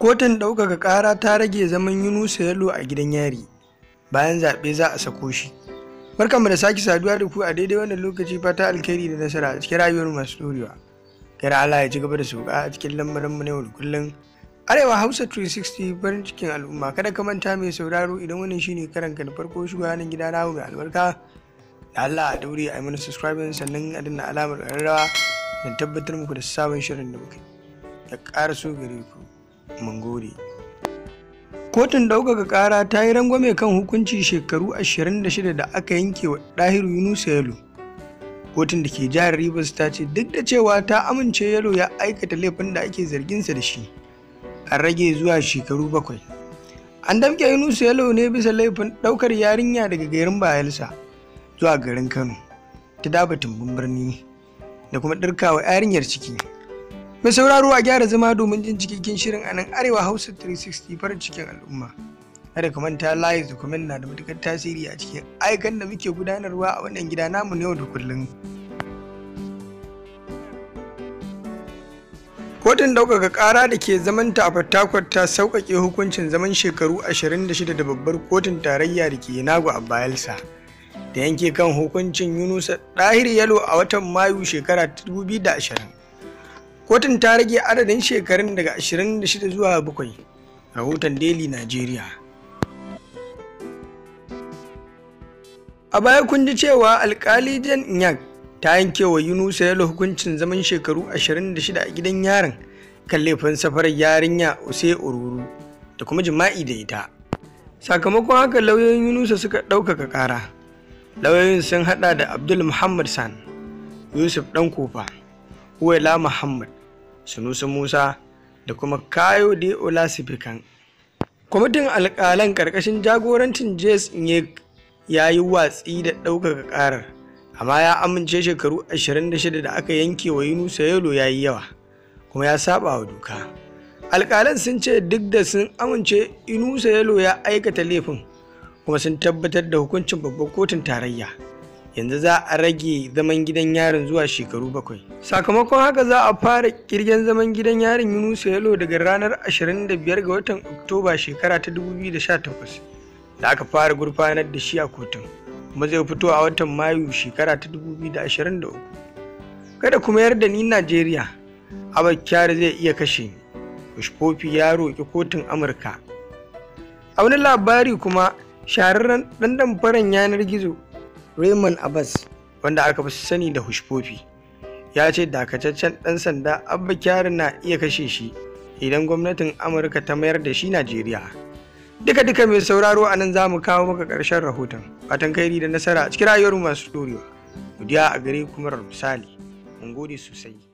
kotun ɗaukaka ƙara ta rage zaman yunusa yalo a gidan yari bayan zaɓe za a sako shi barkanmu da sake saduwa da ku a daidai wannan lokaci fata alkhairi da nasara a cikin rayuwar masu dorewa kira Allah ya ci gaba da sauka a cikin lambarin mu na yau da kullum arewa hausa 360 farin cikin al'umma kada ka manta mai sauraro idan wannan shine karan ka na farko shugabanin gida na mai albarka da Allah a daure a yi mana subscribing sannan a danna alamar ƙararrawa don tabbatar muku da sabon shirin da muka da ƙara so gare ku mun kotun ɗaukaka ƙara ta yi rangwame kan hukunci shekaru 26 da aka yanke wa ɗahiru yunusa yalo kotun da ke jihar rivers ta ce duk da cewa ta amince yalo ya aikata laifin da ake zarginsa da shi an rage zuwa shekaru bakwai an damke yunusa yalo ne bisa laifin ɗaukar yarinya daga garin bayelsa zuwa garin kano ta daba tumbin birni da kuma ɗirkawa yarinyar ciki Mai sauraro a gyara zama domin jin cikakken shirin a nan Arewa Hausa 360 farin cikin al'umma. Kada ka manta layi da kuma na da matukar tasiri a cikin aikan da muke gudanarwa a wannan gida namu na yau da kullum. Kotun ɗaukaka kara da ke zamanta a Fatakwar ta sauƙaƙe hukuncin zaman shekaru 26 da babbar kotun tarayya da ke Nago a Bayelsa. Da yanke kan hukuncin Yunusa ɗahiri Yalo a watan Mayu shekara 2020. kotun ta rage adadin shekarun daga 26 zuwa 7 rahoton daily nigeria a baya kun ji cewa alkali jan nyak ta yanke wa yunusa yalo hukuncin zaman shekaru 26 a gidan yaron kan laifin safarar yarinya use ururu da kuma jima'i da ita sakamakon haka lauyoyin yunusa suka ɗaukaka ƙara lauyoyin sun hada da abdul muhammad san yusuf dan kofa huwaila muhammad sunusu musa da kuma kayo de olasifikan kwamitin alƙalan ƙarƙashin jagorancin jes nyek ya yi watsi da ɗaukaka ƙarar amma ya amince shekaru 26 da aka yanke wa yunusa yalo ya yi yawa kuma ya saba wa doka alƙalan sun ce duk da sun amince inusa yalo ya aikata laifin kuma sun tabbatar da hukuncin babban kotun tarayya yanzu za a rage zaman gidan yarin zuwa shekaru bakwai. Sakamakon haka za a fara kirgen zaman gidan yarin Yunusa Yalo daga ranar 25 ga watan Oktoba shekara ta 2018 da aka fara gurfanar da shi a kotun kuma zai fito a watan Mayu shekara ta 2023. Kada kuma yarda ni Najeriya, Abakyar zai iya kashe ni. ya roƙi kotun Amurka. A wani labari kuma shahararren ɗan faran yanar gizo raymond abbas wanda aka fi sani da hushpofi ya ce dakataccen ɗan sanda abba kyari na iya kashe shi idan gwamnatin amurka ta mayar da shi najeriya duka duka mai sauraro a nan za mu kawo maka ƙarshen rahoton fatan kairi da nasara a cikin rayuwar masu dorewa godiya a gare kuma misali mun gode sosai